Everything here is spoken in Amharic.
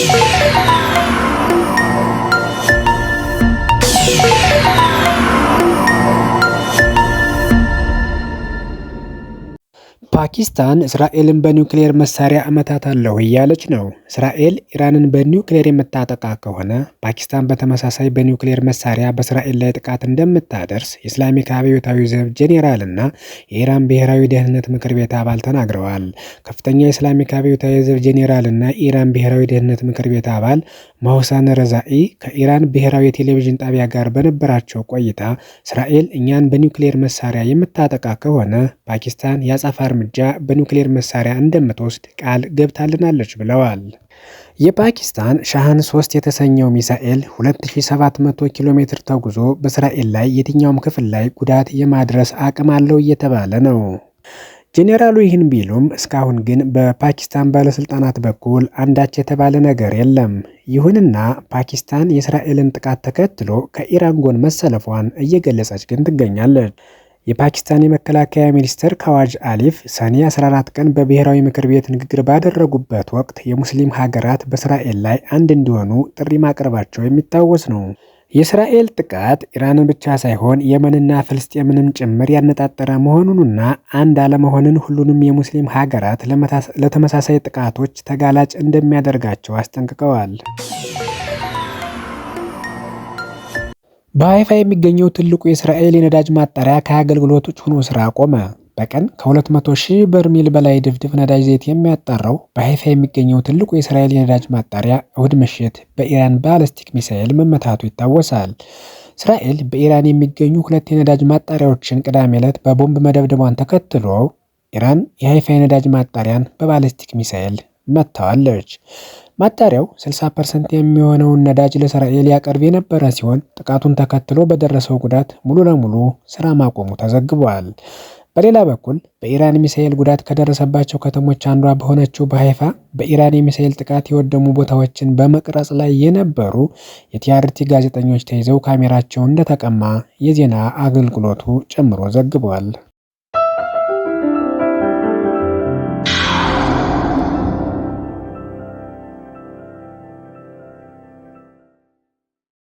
Yeah. ፓኪስታን እስራኤልን በኒውክሌር መሳሪያ እመታታለሁ እያለች ነው። እስራኤል ኢራንን በኒውክሌር የምታጠቃ ከሆነ ፓኪስታን በተመሳሳይ በኒውክሌር መሳሪያ በእስራኤል ላይ ጥቃት እንደምታደርስ የእስላሚክ አብዮታዊ ዘብ ጄኔራል እና የኢራን ብሔራዊ ደህንነት ምክር ቤት አባል ተናግረዋል። ከፍተኛ የእስላሚክ አብዮታዊ ዘብ ጄኔራል እና የኢራን ብሔራዊ ደህንነት ምክር ቤት አባል ማውሳን ረዛኢ ከኢራን ብሔራዊ የቴሌቪዥን ጣቢያ ጋር በነበራቸው ቆይታ እስራኤል እኛን በኒውክሌር መሳሪያ የምታጠቃ ከሆነ ፓኪስታን የአጸፋ እርምጃ በኒውክሌር መሳሪያ እንደምትወስድ ቃል ገብታልናለች ብለዋል። የፓኪስታን ሻህን 3 የተሰኘው ሚሳኤል 2700 ኪሎ ሜትር ተጉዞ በእስራኤል ላይ የትኛውም ክፍል ላይ ጉዳት የማድረስ አቅም አለው እየተባለ ነው። ጄኔራሉ ይህን ቢሉም እስካሁን ግን በፓኪስታን ባለስልጣናት በኩል አንዳች የተባለ ነገር የለም። ይሁንና ፓኪስታን የእስራኤልን ጥቃት ተከትሎ ከኢራን ጎን መሰለፏን እየገለጸች ግን ትገኛለች። የፓኪስታን የመከላከያ ሚኒስትር ካዋጅ አሊፍ ሰኔ 14 ቀን በብሔራዊ ምክር ቤት ንግግር ባደረጉበት ወቅት የሙስሊም ሀገራት በእስራኤል ላይ አንድ እንዲሆኑ ጥሪ ማቅረባቸው የሚታወስ ነው። የእስራኤል ጥቃት ኢራንን ብቻ ሳይሆን የመንና ፍልስጤምንም ጭምር ያነጣጠረ መሆኑንና አንድ አለመሆንን ሁሉንም የሙስሊም ሀገራት ለተመሳሳይ ጥቃቶች ተጋላጭ እንደሚያደርጋቸው አስጠንቅቀዋል። በሀይፋ የሚገኘው ትልቁ የእስራኤል የነዳጅ ማጣሪያ ከአገልግሎት ውጭ ሆኖ ስራ ቆመ። በቀን ከ200 ሺህ በርሜል በላይ ድፍድፍ ነዳጅ ዘይት የሚያጣራው በሀይፋ የሚገኘው ትልቁ የእስራኤል የነዳጅ ማጣሪያ እሁድ ምሽት በኢራን ባለስቲክ ሚሳኤል መመታቱ ይታወሳል። እስራኤል በኢራን የሚገኙ ሁለት የነዳጅ ማጣሪያዎችን ቅዳሜ ዕለት በቦምብ መደብደቧን ተከትሎ ኢራን የሀይፋ የነዳጅ ማጣሪያን በባለስቲክ ሚሳኤል መጥተዋለች። ማጣሪያው 60 ፐርሰንት የሚሆነውን ነዳጅ ለእስራኤል ያቀርብ የነበረ ሲሆን ጥቃቱን ተከትሎ በደረሰው ጉዳት ሙሉ ለሙሉ ስራ ማቆሙ ተዘግቧል። በሌላ በኩል በኢራን ሚሳኤል ጉዳት ከደረሰባቸው ከተሞች አንዷ በሆነችው በሀይፋ በኢራን የሚሳኤል ጥቃት የወደሙ ቦታዎችን በመቅረጽ ላይ የነበሩ የቲአርቲ ጋዜጠኞች ተይዘው ካሜራቸው እንደተቀማ የዜና አገልግሎቱ ጨምሮ ዘግቧል።